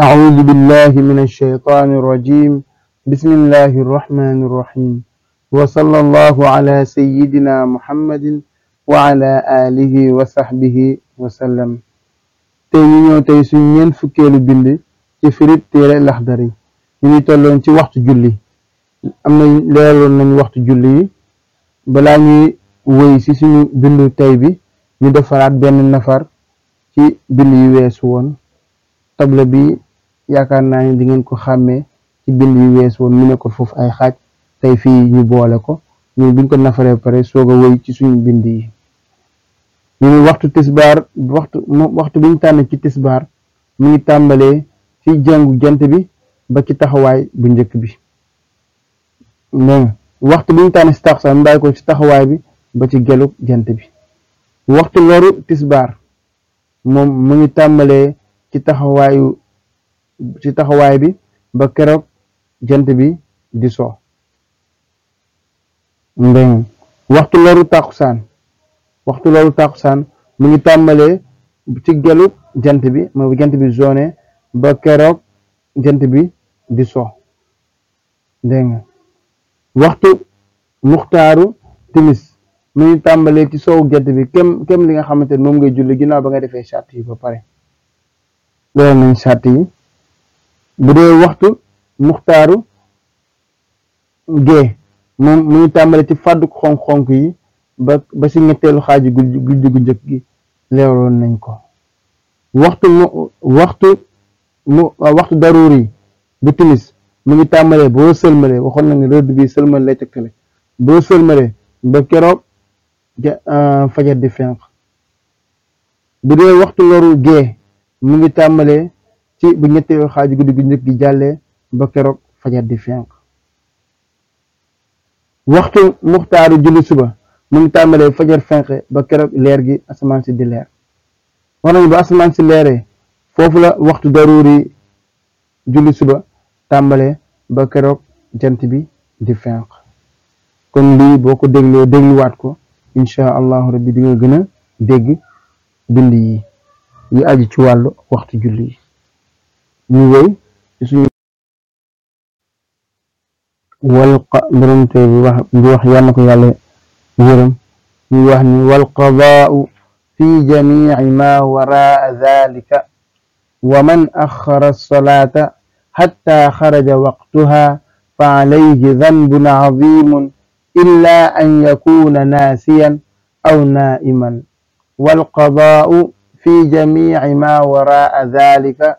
أعوذ بالله من الشيطان الرجيم بسم الله الرحمن الرحيم وصلى الله على سيدنا محمد وعلى آله وصحبه وسلم tey ñu ñëw tey suñ ñeent fukkeelu bind ci firib téere Laxdari ñu ngi tolloon ci waxtu julli am nañ leeroon nañ waxtu julli yi balaa ñuy wëy si suñu bindu tey bi ñu defaraat benn nafar ci bind yi weesu woon tabla bi yaakaar naa ne di ngeen ko xàmmee ci bind yu wees woon mu ne ko foofu ay xaaj tey fii ñu boole ko ñun buñ ko nafaree pare soog a wéy ci suñu bind yi ñu ngi waxtu tisbaar waxtu tànn ci tisbaar mu ngi tàmbalee ci jàngu jant bi ba ci taxawaay bu njëkk bi waxtu bi ñu tànn si taxawaay mu bàyyi ko ci taxawaay bi ba ci gelug jant bi waxtu loru tisbaar moom mu ngi tàmbalee ci taxawaayu ci taxawaay bi ba keroog jant bi di so mbéñ waxtu loru tàkkusaan waxtu loru tàkkusaan mu ngi tàmbalee ci gelu jant bi mo jant bi zone ba keroog jant bi di so dégg nga waxtu muxtaaru timis mu ngi tàmbalee ci sow jant bi kem kem li nga xamante ne moom ngay julli ginnaaw ba nga defee sàtt yi ba pare loolu nañ sàtt yi bu dee waxtu muxtaaru gee moom muy tàmbale ci fàddu xonk-xonk yi ba ba si ñetteelu xaaju guddi gu njëkk gi leeroon nañ ko waxtu mu waxtu mu waxtu daruur yi bu timis mu ngi tàmbalee boo sëlmalee waxoon na ne rëdd bi sëlmal lay tegtale boo sëlmalee ba keroog euh, fajar di fenq bu dee waxtu loru g mu ngi tàmbalee ci bu ñetteelu xaaj guddi gu njëkk gi jàllee ba keroog fajar di fenk waxtu muxtaaru julli suba mu ngi tàmbalee fajar fenk ba keroog leer gi asamaan si di leer war nañu ba asamaan si leeree foofu la waxtu daruuri julli suba tàmbalee ba keroog jant bi di fenk kon lii boo ko dégloo dégluwaat ko incha allahu rabbi di nga gën a dégg bind yi yu aju ci wàllu waxtu julli yi ñu wéy ci suñu walqa borom tey bi wax bi wax yal na ko yàlla yërëm ñu wax ni walqadaau fi jamici maa waraa dalika wa man axara alsalaata xatta xaraja waqtuha fa calayhi danbun cadiimun illa an yakuna naasiyan aw naaiman walqadaau في جميع ما وراء ذلك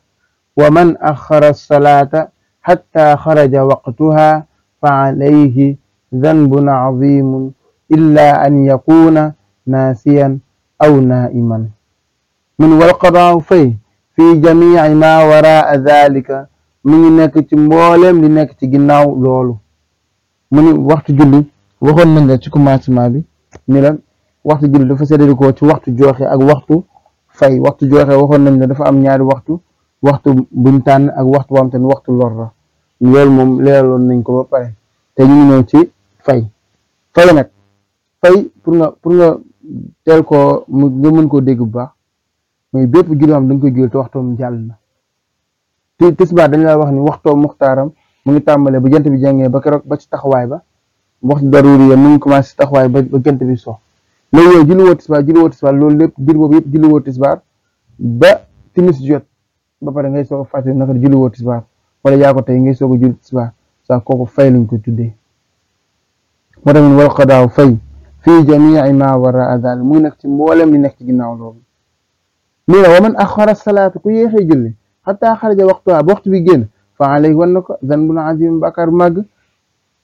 ومن أخر الصلاة حتى خرج وقتها فعليه ذنب عظيم إلا أن يكون ناسيا أو نائما من والقضاء فيه في جميع ما وراء ذلك mu ngi nekk ci mboolem li nekk ci ginnaaw loolu mu ni waxtu julli waxoon nañ la ci commencement bi ni la waxtu julli dafa séddale ko ci waxtu joxe ak waxtu fay waxtu joxe waxoon nañ ne dafa am ñaari waxtu waxtu buñ tànn ak waxtu wam te waxtu lor la loolu moom leeraloon nañ ko ba pare te ñu ñëw ci fay fay nag fay pour nga pour nga teel koo nga mën koo dégg bu baax mais bépp julli am da nga koy julli te waxtoom jàll na te tisbaar dañ laa wax ni waxtoom muxtaaram mu ngi tàmbalee ba jant bi jàngee ba keroog ba ci taxawaay ba waxtu daruri ya mu ngi commencé ci taxawaay ba ba jant bi so léegi yow julli woo tisbaar julli tisbaar loolu lépp julli boobu yëpp julli woo tisbaar ba timis jot ba pare ngay soog a fàttali naka woo tisbaar wala yaa ko tey ngay soog a julli tisbaar saa kooku fay lañ ko tuddee moo tamit wal qadaaw fay fii jamii ma waraa daal mu ngi nekk ci mboolem mi nekk ci ginnaaw loolu lii la wa man axara salaata ku yéexee julli xataa xaraja waxtuwaa ba waxtu bi génn fa alayhi wan ko zanbun azim bakkaar bu màgg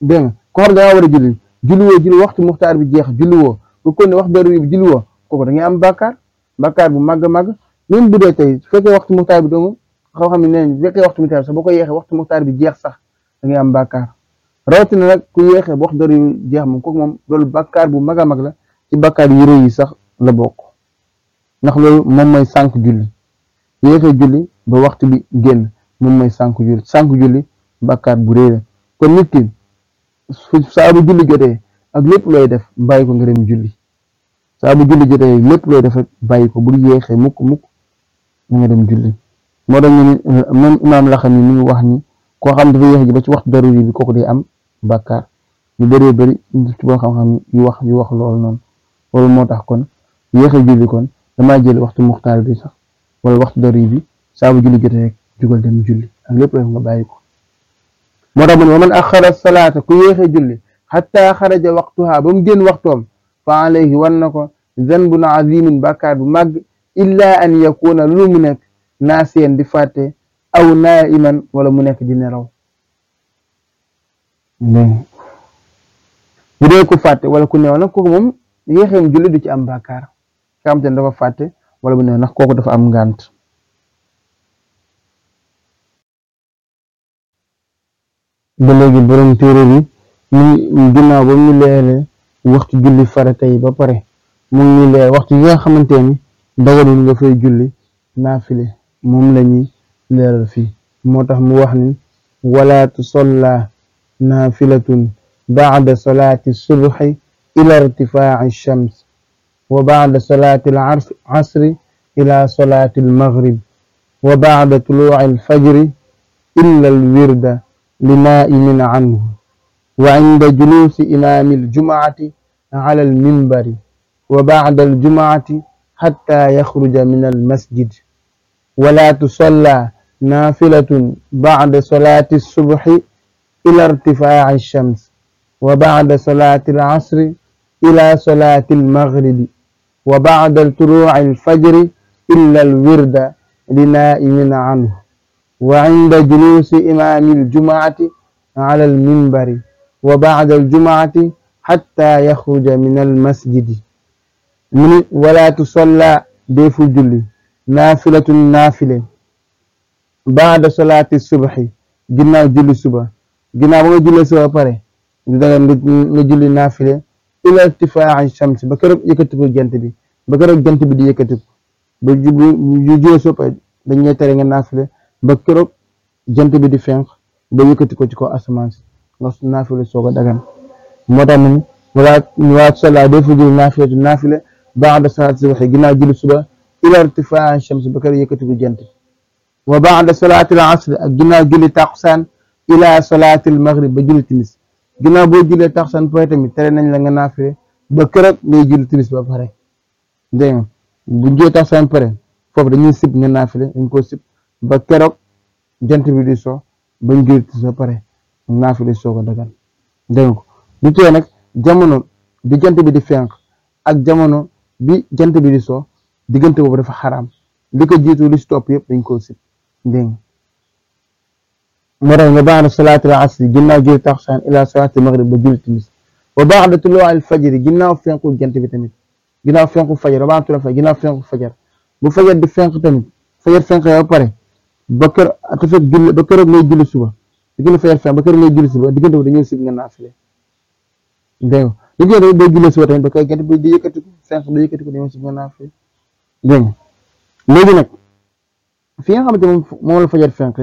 dégg nga koor dangaa war a julli julli woo julli bi jeex julli bu ko ne wax dara bi julli woo kooku da ngay am bàkkaar bakaar bu màgg a màgg même bu dee tey su fekkee waxtu muxtaar bi doomu xaw xam ne nee bu fekkee waxtu muxtaar bi boo ko yeexee waxtu bi jeex sax da am bàkkaar rawatina nag ku yeexee bu wax dara bi jeex moom ko moom loolu bàkkaar bu mag a mag la ci bàkkaar yu rëy yi sax la bokk nax loolu moom mooy sànq julli yéexee julli ba waxtu bi génn moom mooy sànq julli sànq julli bàkkaar bu rëy la ko nit ki julli jotee ak lépp looy def bàyyi ko nga dem julli saa bu julli jotee lépp looy def rek bàyyi ko bul yéexee mukk mukk na nga dem julli moo tax ñu euh, imaam la xam ni mi ngi wax ni ko xam dafa yéex ji ba ci waxtu daruri bi kooku day am bàkkaar ñu bëree bëri ci wax yu wax loolu noonu moo tax kon yéex a julli kon damaa jël waxtu muxtaar bi sax wala waxtu daruri bi saa bu julli jotee rek jugal dem julli ak lépp looy def nga bàyyi ko moo tax mu ne wa salaata ku yéexee julli xatta xaraja waqtuha ba mu génn waxtoom fa alayhi war na ko zanbun azimun bàkkaar bu màgg illa an yakuna lu mu nekk naasiyan di fàtte aw naiman wala mu nekk di nelaw bu dee ku fàtte wala ku neew nag kooku moom yéexeem julli du ci am bàkkaar ka am te dafa fàtte wala bu neew nag kooku dafa am ngant ba léegi borom téere bi mu ginnaaw ba mu leeral waxtu julli farata yi ba pare mu ngi leer waxtu nga xamante ni daganul nga julli naafile moom la ñuy leeral fii moo tax mu wax ni wala tusalla naafilatun ba'da salaati subhi ila irtifaa'i shams wa ba'da salaati al-asri ila al-maghrib wa ba'da tuluu'i al-fajri illa al-wirda linaa'imin anhu wa inda juluusi imaami aljumaati ala alminbari wa bacda aljumaati xatta yaxruja min almasjid wala tusalla naafilatun bacda salaati alsubxi ila irtifaaci alshams wa bacda salaati alcasri ila salaati almagribi wa bacda alturuuci alfajri illa alwirda linaa'imin canhu wa inda juluusi imaami aljumacati ala alminbari wa ba'da al-jumu'ati xatta yaxruja min al-masjidi mu ni wala tusalla deeful julli naafilatun naafile baada solaati subaxi ginnaaw julli suba ginnaaw ba nga julli suba pare danga nga julli naafile ila irtifaaci shams ba keroog yëkkatiku jant bi ba keroog jant bi di yëkkatiku ba julli suba pare dañ lay tere nga naafile ba keroog jant bi di fenq ba yëkkati ko ci kaw asamaan si ndax su soo soog dagan moo tax ñun wala wala salla day fa julli naafilatu naafile baada salaati subax ginnaaw julli suba ila irtifaa shams ba kër yëkkatiku jant wa baada salaati al asr ak ginnaaw julli tàqusaan ila salaati al maghrib ba julli timis ginnaaw boo jullee tàqusaan pare nañ la nga naafile ba keroog ngay julli timis ba pare dégg nga bu jullee tàqusaan pare foofu dañuy sib nga naafile dañ koo sib ba keroog jant bi so bañ julli timis ba pare naafile soog a dagan dégg ko du nag jamono bi jant bi di fenk ak jamono bi jant bi di soo diggante boobu dafa xaraam li ko jiitu li si topp yëpp dañ koo sib dégg moo tax nga ba'da salaatil asri ginnaaw julli takkusaan ila salaatil maghrib ba julli timis wa ba'da tuluu'il fajri ginnaaw fenku jant bi tamit ginnaaw fenku fajar wa ba'da tuluu'il fajri ginnaaw fenku fajar bu fajar di fenk tamit fajar fenk ba pare ba kër te fekk julli ba kër ngay julli suba di gën a fayal fenn ba kër ngay julli si ba diggante dañuy sib nga naafile dégg nga diggante boobu day julli si ba tamit ba kër gerte bi di yëkkati ko cinq day yëkkati ko dañoo sib nga naafile dégg nga léegi nag fi nga xamante moom moom la fajar fenk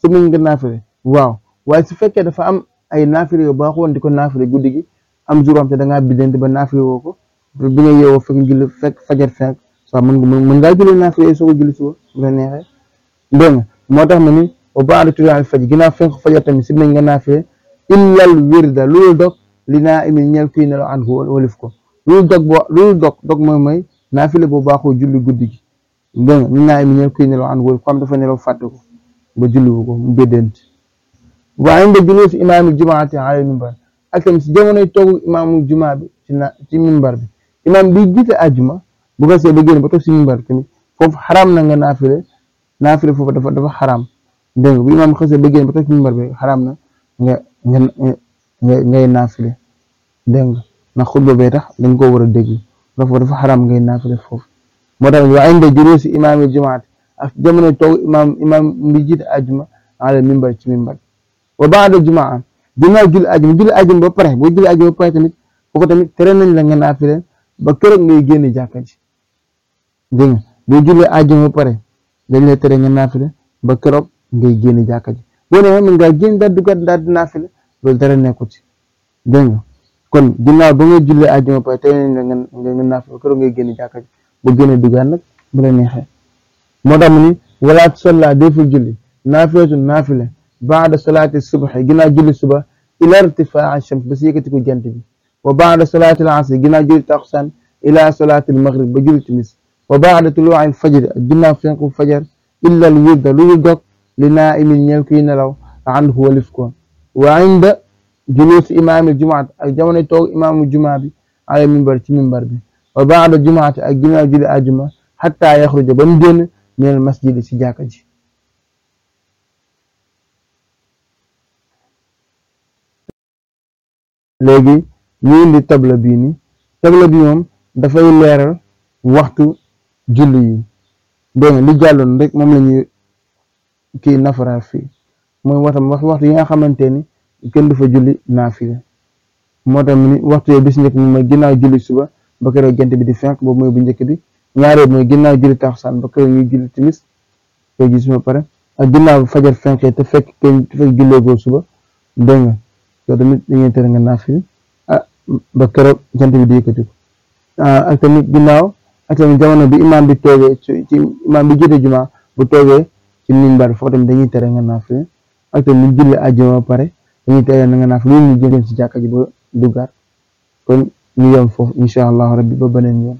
sib nga naafile waaw waaye su fekkee dafa am ay naafile yoo baaxoon di ko naafile guddi gi am juróom te da ngaa biddante ba naafile woo ko bi nga yeewoo fekk julli fekk fajar fenk waaw mën nga mën ngaa julli naafile soo ko julli si ba bu la neexee dégg nga moo tax ma ni wa baada tulaa faj ginnaaw fenk fajar tamit sib nañ nga naafile illal wirda loolu dog li naa imin ñel kuy nelaw an ko walif ko loolu dog boo loolu dog dog mooy mooy naafile boo baaxoo julli guddi gi li naa imin ñel kuy nelaw an ko xam dafa nelaw fàtte ko ba julli ko ko mu béddent waaye nga julli si imaamul jumaati ala mimbar ak tamit si jamonoy toogu imaamul jumaa bi ci na ci mimbar bi imaam bi jiite àjjuma bu gasee ba génn si mimbar tamit foofu xaraam na nga naafile naafile foofu dégg nga bu imaam xasee ba génn ba toog ci minbar bi xaraam na nga nga ngay naafile dégg nga ndax xutba bee tax dañ koo war a dégg dafa dafa xaraam ngay naafile foofu moo tax wa inda juluusi imaamil jumaat ak jamono toog imaam a bi a ajuma ala minbar ci minbar wa baada jumaa ginnaaw julli ajuma julli ajuma ba pare boo julli ajuma ba pare tamit kooku tamit nañ la nga naafile ba keroog ngay génn jàkka ji dégg nga boo julli ajuma ba pare dañ lay tere nga naafile ba keroog ngay génn jàkka ji boo demee mën ngaa génn daal duggaat daal di naafile loolu dara nekkul ci dégg nga kon ginnaaw ba nga jullee àjjuma ba tey nga nga nga naafile keroog ngay génn jàkka ji boo génnee duggaat nag bu la neexee moo tax mu ni walaat solla deful julli naafilatu naafile baada salaati subaxi ginnaaw julli suba ila irtifaa shams ba si yëkkatiku jant bi wa baada salaati asri ginnaaw julli takusaan ila salaati maghrib ba julli timis wa baada tuluuci fajri ginnaaw fenku fajar illa lu yurda li naa'imin ñeel kuy nelaw anhu walif ko wa inda juluusi imaamil jumaat ak jamono toog imaamu jumaa bi ala mimbar ci mimbar bi wa baada jumaati ak ginnaaw julli àjjuma xataa yaxruja ba mu génn minal masjidi si jàkka ji léegi ñu indi tabla bii tabla bi moom dafay leeral waxtu julli yi dégg li jàlloon rek moom la kii nafaraar fii mooy waxtam waxtu yi nga xamante ni kenn du fa julli naafila moo tax mu ni waxtu yooyu bis njëkk mooy ginnaaw julli suba ba keroog jant bi di fenk boobu mooy bu njëkk bi ñaareel mooy ginnaaw julli taxsaan ba keroog ñuy julli timis koy gis ma ak ginnaaw fajar fenkee te fekk kenn te fekk suba dégg soo tamit dañuy tere nga naafila ah ba keroog jant bi di yëkkati ko ah ak tamit ginnaaw ak tamit jamono bi imaam bi toogee ci bi jiite jumaa bu toogee ci minbar foofu tamit dañuy tere nga naafila a tamit ñu julli àjjuma ba pare dañuy tere na nga naafila loolu ñu jëlee ci jàkka ji ba duggaat kon ñu yem foo incha allahu rabbi ba beneen yoon